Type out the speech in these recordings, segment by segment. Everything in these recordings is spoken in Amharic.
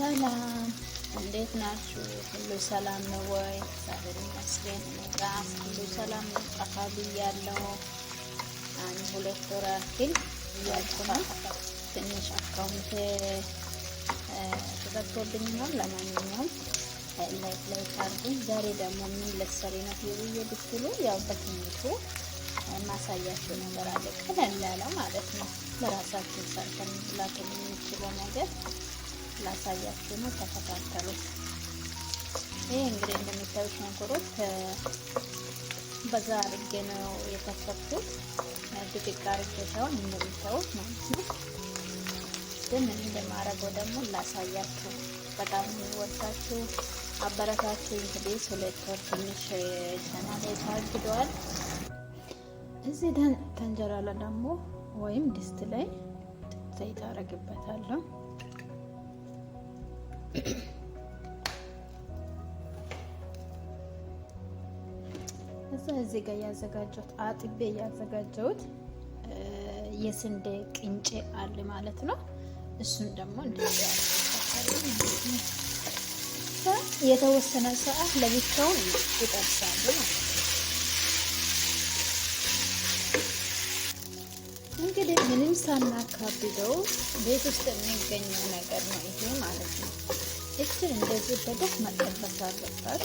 ሰላም እንዴት ናችሁ? ሁሉ ሰላም ነው ወይ? እግዚአብሔር ይመስገን ራስ ሁሉ ሰላም ነው። ጠፋ ብያለሁ። አንድ ሁለት ወር ያክል እያልኩ ነው። ትንሽ አካውንት ተዘግቶብኝ ነው። ለማንኛውም ላይክ ላይክ አድርጉኝ። ዛሬ ደግሞ ምን ልትሰሪ ነው ብዬ ብትሉ ያው በትንሹ ማሳያችሁ ነገር አለ። ቀለል ያለ ማለት ነው። ለራሳችን ሰርተን ልንችለው ነገር ላሳያችሁ ነው። ተከታተሉ። ይህ እንግዲህ እንደሚታዩት ሽንኩርት በዛ አድርጌ ነው የከተፍኩት። ድቅቅ አድርጌ ሳይሆን እንደሚታዩት ማለት ነው። ግን እኔ እንደማረገው ደግሞ ላሳያችሁ። በጣም የሚወዳችሁ አበረታችሁ። እንግዲህ ሁለት ወር ትንሽ ቻናል ታግደዋል። እዚህ ተንጀራ ላይ ደግሞ ወይም ድስት ላይ ዘይት አደርግበታለሁ። እዛ እዚህ ጋር ያዘጋጀሁት አጥቤ ያዘጋጀሁት የስንዴ ቅንጬ አለ ማለት ነው። እሱን ደግሞ እንደዚህ የተወሰነ ሰዓት ለብቻውን ይጠብሳሉ ማለት ነው። እንግዲህ ምንም ሳናካብደው ቤት ውስጥ የሚገኘው ነገር ነው ይሄ ማለት ነው። እችን እንደዚህ በደፍ መጠበስ አለባት።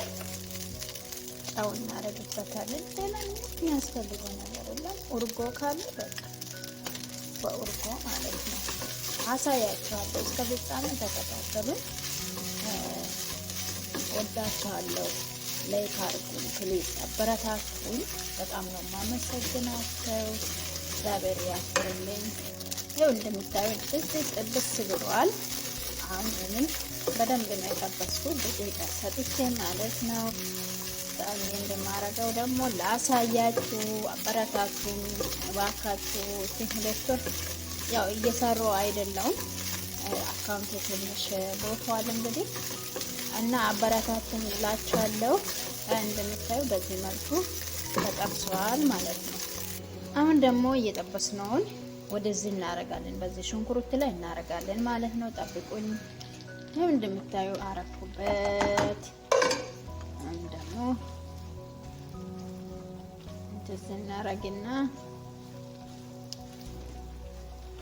ጨው እናደርግበታለን። ሌላ የሚያስፈልገው ነገር የለም። እርጎ ካለ በቃ በእርጎ ማለት ነው። አሳያችኋለሁ። እስከ ፍጻሜ ተከታተሉን። ወዳችኋለሁ። ላይክ አድርጉኝ ፕሊዝ፣ አበረታቱኝ። በጣም ነው የማመሰግናቸው። እግዚአብሔር ያክርልኝ። ይኸው እንደምታዩት እዚህ ጥብስ ብሏል። አሁን ምንም በደንብ ነው የጠበስኩት ደቂቃ ሰጥቼ ማለት ነው። በጣም እንደማረገው ደግሞ ላሳያችሁ። አበረታቱኝ እባካችሁ። ሁለቱን ያው እየሰሩ አይደለውም አካውንት ትንሽ ቦቷል እንግዲህ እና አበረታቱኝ እላችኋለሁ። እንደምታዩ በዚህ መልኩ ተጠብሰዋል ማለት ነው። አሁን ደግሞ እየጠበስነውን ወደዚህ እናረጋለን። በዚህ ሽንኩርት ላይ እናረጋለን ማለት ነው። ጠብቁኝ። ይሄው እንደምታዩ አረኩበት። አሁን ደግሞ እንደዚህ እናረግና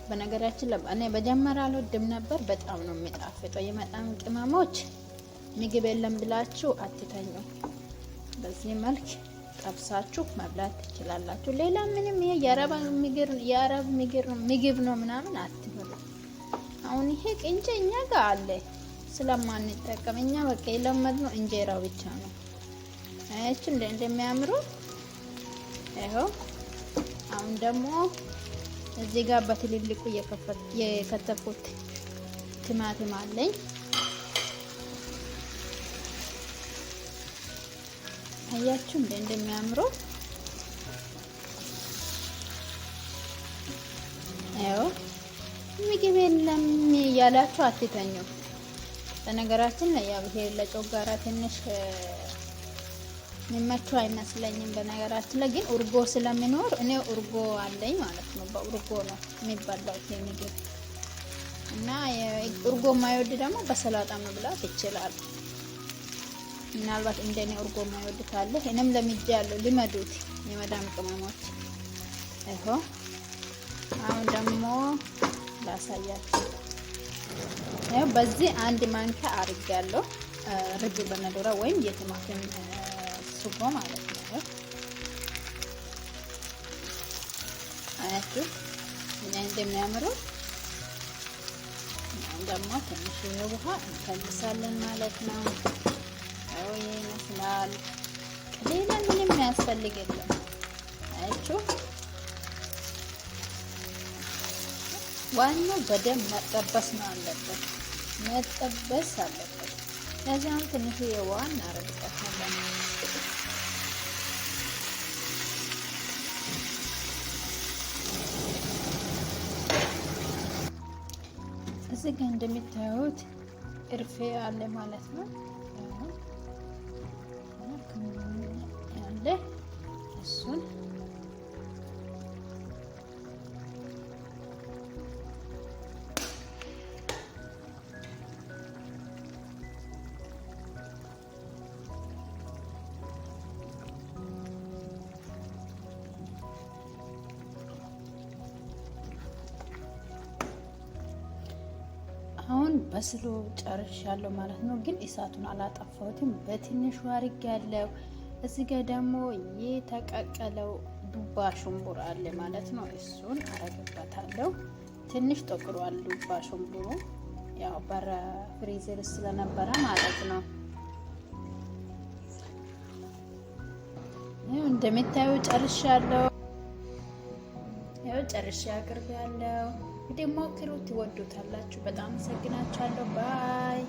በነገራችን እኔ መጀመሪያ አልወድም ነበር። በጣም ነው የሚጣፍጠው። የመጣም ቅመሞች ምግብ የለም ብላችሁ አትተኙ። በዚህ መልክ ጠብሳችሁ መብላት ትችላላችሁ። ሌላ ምንም ይሄ የአረብ የአረብ ምግብ ነው ምናምን አትበሉ። አሁን ይሄ ቅንጨ እኛ ጋር አለ ስለማንጠቀም እኛ በቃ ነው እንጀራው ብቻ ነው። እንደ እንደሚያምሩ ይኸው። አሁን ደግሞ እዚህ ጋር በትልልቁ የከተፉት ቲማቲም አለኝ። አያችሁ እንዴ እንደሚያምረው አዎ ምግብ የለም እያላችሁ አትተኙ። በነገራችን ላይ ያው ይሄ ለጮጋራ ትንሽ የሚመቸው አይመስለኝም። በነገራችን ላይ ግን ኡርጎ ስለሚኖር እኔ እርጎ አለኝ ማለት ነው። በኡርጎ ነው የሚበላው ይሄ ምግብ እና እርጎ የማይወድ ደግሞ በሰላጣ መብላት ይችላል። ምናልባት እንደኔ እርጎ የማይወድ ካለ እኔም ለምጄ ያለው ልመዱት፣ የመዳም ቅመሞች ይሆ። አሁን ደግሞ ላሳያችሁ። ያው በዚህ አንድ ማንኪያ አድርጌያለሁ ርግ በነዶራ ወይም የቲማቲም ሱጎ ማለት ነው። አያችሁ እኛ እንደሚያምረው ደግሞ ትንሽ ውሃ እንፈልሳለን ማለት ነው። ይመስላል። ሌላ ምንም የሚያስፈልግ የለም። አያችሁ፣ ዋናው በደንብ መጠበስ ነው አለበት፣ መጠበስ አለበት። ከዚያም ትንሽ የውሃ እናረግበታለን። እዚህ ጋ እንደሚታዩት እርፌ አለ ማለት ነው። እሱን አሁን በስሎ ጨርሻለሁ ማለት ነው። ግን እሳቱን አላጠፋሁትም። በትንሹ አድርጌ ያለው እዚህ ጋር ደግሞ የተቀቀለው ዱባ ሽንቡር አለ ማለት ነው። እሱን አረግበታለሁ። ትንሽ ጠቁሯል ዱባ ሽንቡሩ ያው በረ ፍሪዘር ስለነበረ ማለት ነው። ይኸው እንደምታዩ ጨርሻለሁ። ያው ጨርሻ አቅርቤያለሁ። እንግዲህ ሞክሩት፣ ትወዱታላችሁ። በጣም አመሰግናችኋለሁ። ባይ